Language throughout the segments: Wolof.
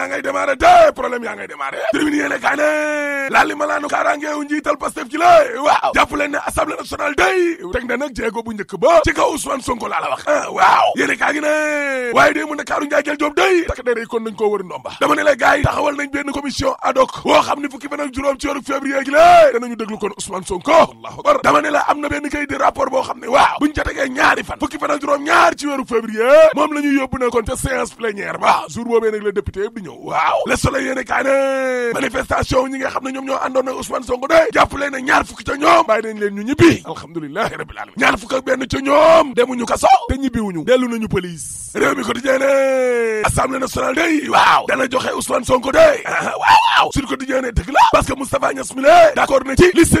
Yang ngay démarré te problème yang ngay démarré tribune yéene kaay ne laal li malaanu kaaraangeewu njiital Pastef ci la waaw jàpp assemblée nationale day teg na nag jéego bu njëkk ba ci kaw Ousmane Sonko la wax ah waaw yéene kaa gi ne waaye day mu day takk dere kon nañ koo wër ndomba dama ne la gars taxawal nañ benn commission ad hoc woo xam fukki fan ak ci weeru février ya gi la danañu déglu kon Ousmane Sonko allahu akbar dama ne la di rapport waaw buñ ca ñaari fan fukki fan ak ñaar ci weeru février ya. moom la ñu yóbbu kon ca séance plénière ba jour la député di ñëw waaw le soleil yéene kaay ne manifestation ñi nga xam ne ñoom ñoo àndoon na Ousmane Sonko de jàpp leen ñaar fukki ca ñoom bàyyi nañ ñu ñibbi alhamdulilahi rabbil alamin ñaar fukk ak benn ca ñoom demuñu kaso te ne assemblée nationale day waaw dana joxe Ousmane ah,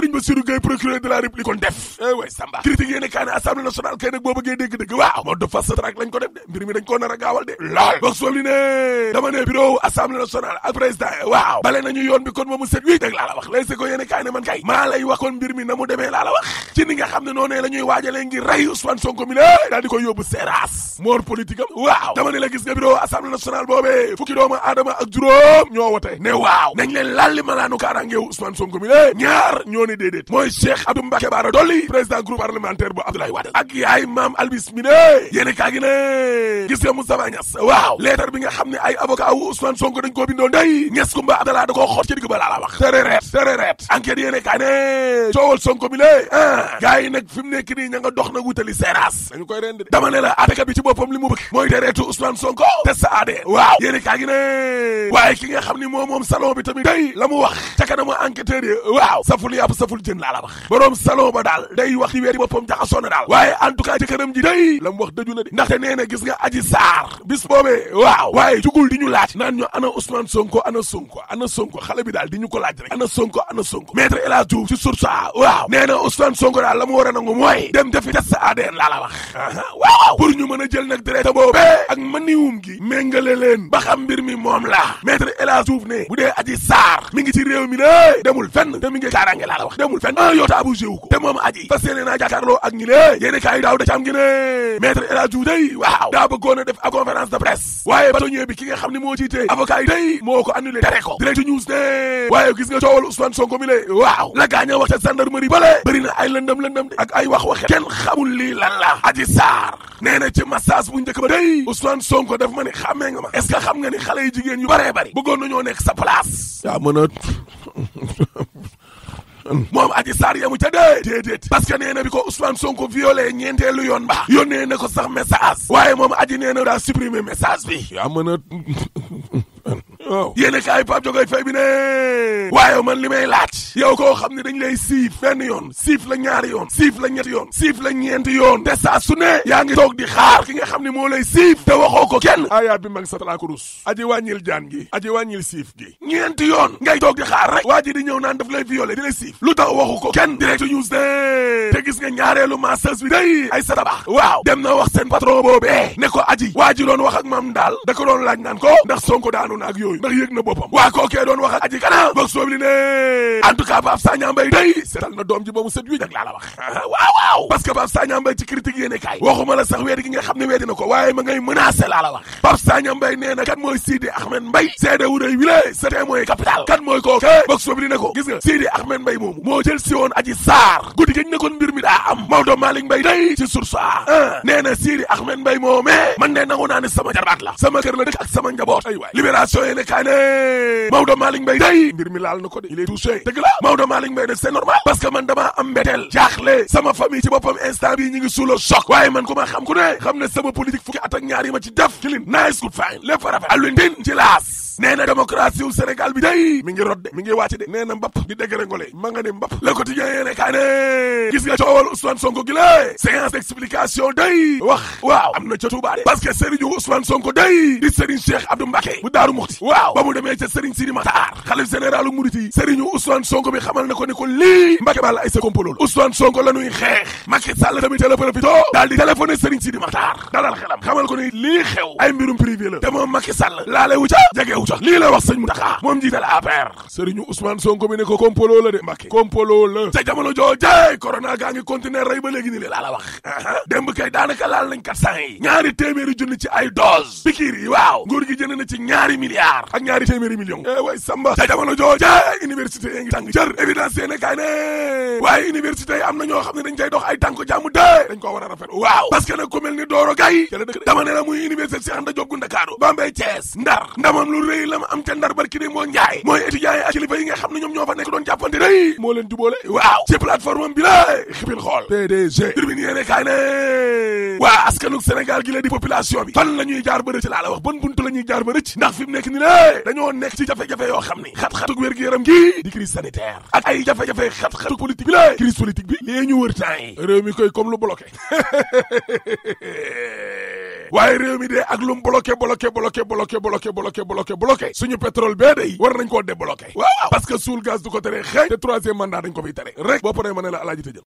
de la parce li kon def eh way Samba critique yéene kaay ne assemblée nationale kay nag dégg dëgg waaw mode de fast track lañ ko def de mbir mi dañ koo nar a gaawal de lool boog soof li ne assemblée nationale ak président waaw balé nañu yoon bi kon moomu set wi dëgg la la wax lay si ko yéene kaay ne man kay ma lay waxon mbir mi na mu demee laa la wax ci ni nga xamné noné lañuy wajalé ñuy waajalee ngir rey Ousmane Sonko mi la dal di koy yóbbu seeraas politique am waaw dama ne la gis nga bureau assemblée nationale bobé fukki doomu adama ak djuroom ño wote né waaw nañ leen lalli malaanu kaaraangeewu Ousmane Sonko mi la ñaar ño ne déedéet moy Cheikh Abdou Mbacké Bara Dolly président groupe parlementaire bu Abdoulaye Wade ak yaay mam Albis mi ne yene kay gi ne gis nga Moustapha Niass waaw lettre bi nga xamné ay avocat wu Ousmane Ousmane Sonko dañ koo bindoon day ñes kumba Abdallah da koo xoot ci digg ba laa la tere reet tere reet enquête yéene kaay coowal Sonko bi lée ah fi mu nekk nii ña nga na wutali seeraas dañu koy rend dama la attaque bi ci boppam li mu bëgg mooy tereetu Ousmane Sonko test ADN waaw yéene kaay gi ne waaye ki nga xam ni moom moom salon bi tamit day la mu wax ca kanamu enquêteur yi waaw saful yàpp saful jën laa la wax borom ba daal day wax ci weer boppam jaxasoo na ñu ana Ousmane Sonko ana ana Sonko ko ana Sonko ana Sonko El Hadj Diouf ci source a waaw nee na Ousmane Sonko daal la mu war a nangu mooy dem defi test ADN laa la wax waaw pour ñu mën a jël nag deret boobu ak maniwum gi méngale leen ba xam mbir mi moom la maître El Hadj Diouf ne bu dee aji saar mi ngi ci réew mi ne demul fenn te mi ngi kaaraange laa wax demul fenn ah yow ta ko te moom aji fas yéene naa ak ñi ne yéene kaay daaw da cam gi ne maître a a avocat yi day moo ko annulé tere ko direct news ne waaye gis nga coowal Ousmane Sonko mi le waaw la gaañ a wax ca gendarmerie bale bëri na ay lëndëm lëndëm de ak ay wax waxe kenn xamul lii lan la Adji Sarr nee na ci massage bu njëkk ba day Ousmane Sonko def ma ni xàmmee nga ma est-ce xam nga ni xale yi jigéen yu baree bari bëggoon ñoo nekk sa place yaa mën moom aji saar yamu ca dee déedéet parce que nee na bi ko Ousmane Sonko violé ñeenteelu yoon ba yónnee na ko sax message waaye moom aji nee na daa supprimer message bi yaa mën a waaw yéen a kaay Pape Diogoy Faye bi ne waaye man li may laaj yow koo xam ne dañ lay siif benn yoon siif la ñaari yoon siif la ñetti yoon siif la ñeenti yoon te saa su ne yaa ngi toog di xaar ki nga xam ni moo lay siif te waxoo ko kenn ayaa bi mag sa talaakurus aji wàññil jaan gi aji wàññil siif gi ñeenti yoon ngay toog di xaar rek waa ji di ñëw naan daf lay violé di lay siif lu tax waxu ko kenn direct news de te gis nga ñaareelu masseuse bi day ay sa tabax waaw dem na wax seen patron boobee ne waa ji doon wax ak maam daal da ko doon laaj ko ndax sonko daanu ak yooyu ndax yëg na boppam waa kookee doon wax ak aji kana bog soob li ne en day setal na doom ji ba set wi nag laa la wax waaw waaw parce que Pape ci critique yéene kaay waxuma la sax weedi gi nga xam ne weedi ko waaye ma ngay menacé laa la wax Pape Sagna Mbaye nee na kat mooy Sidi Ahmed Mbaye seede wu rëy wi mooy capital kat mooy kookee bog ko gis nga Sidi Ahmed Mbaye moomu moo jël si woon aji saar guddi am ah. sama jarbaat la sama kër la dëkk ak waxtaane Maodo Malick Mbaye day mbir mi laal na ko de il est touché dëgg la Maodo Malick Mbaye de c'est normal parce que man dama am mbetteel sama famille ci boppam instant bii ñu ngi sous waaye man ku ma xam ku ne xam ne sama politique fukki at ak ñaar yi ma ci def ci nice good fine lépp rafet Alioune Tine ci laas nee na démocratie wu Sénégal bi day mi ngi rot de mi ngi wàcc de nee na mbapp di dégg ngole ma nga ne mbapp le quotidien yéene kaa ne gis nga coowal Ousmane Sonko gi lé séance d'explication day wax waaw am na ca Touba de parce que Serigne Ousmane Sonko day di Serigne Cheikh Abdou Mbacké bu Daaru Muxti waaw ba mu demee ca Serigne Sidi Matar xalif généralu Mouride Serigne Ousmane Sonko bi xamal na ne ko lii Mbacké bala ay sa kompalool Ousmane Sonko la ñuy xeex Macky Sall tamit la profito daal di téléphoné Serigne Sidi Matar dalal xelam ko ne lii xew ay mbirum privé la te moom Macky Sall jox lii la wax sëñ Mountakha moom njiital APR sëriñu Ousmane Sonko bi ne ko kompolo la de Mbacké kompolo la ca jamono jooje corona gaa ngi continuer rey ba léegi ni la la wax démb kay daanaka laal nañ quatre cent ñaari téeméeri junni ci ay dose pikiir yi waaw nguur gi jënd na ci ñaari milliards ak ñaari téeméeri millions eh way samba ca jamono jooje université yi ngi tàng jër évidence yéene kay ne waaye université am na ñoo xam ne dañ cay dox ay tànk jàmm dee dañ ko war a rafet waaw parce que nag ku mel ni Doro Gaye day la ma am ca ndar barki démboo njaay mooy étudiants yi ak yi nga xam ne ñoom ñoo fa nekk doon jàppante day moo leen jubóole waaw ci plateforme bi la xibil xool PDG tribune yéene kaay ne waa askanu Sénégal gi la di population bi fan la ñuy jaar ba laa la wax ban buntu la ñuy jaar ba ndax fi mu nekk ni la dañoo nekk ci jafe-jafe yoo xam ni xat-xatuk yaram gi di crise sanitaire ay jafe-jafe xat-xatuk politique bi la crise politique bi waaye réew mi dee ak lu mu bloqué bloqué bloqué bloqué bloqué bloqué bloqué bloqué suñu pétrole bee day war nañ koo débloqué waaw waaw parce suul gaz du ko tere xeeñ te troisième mandat dañ ko fiy tere rek boo paree ma ne la alaaji tëjal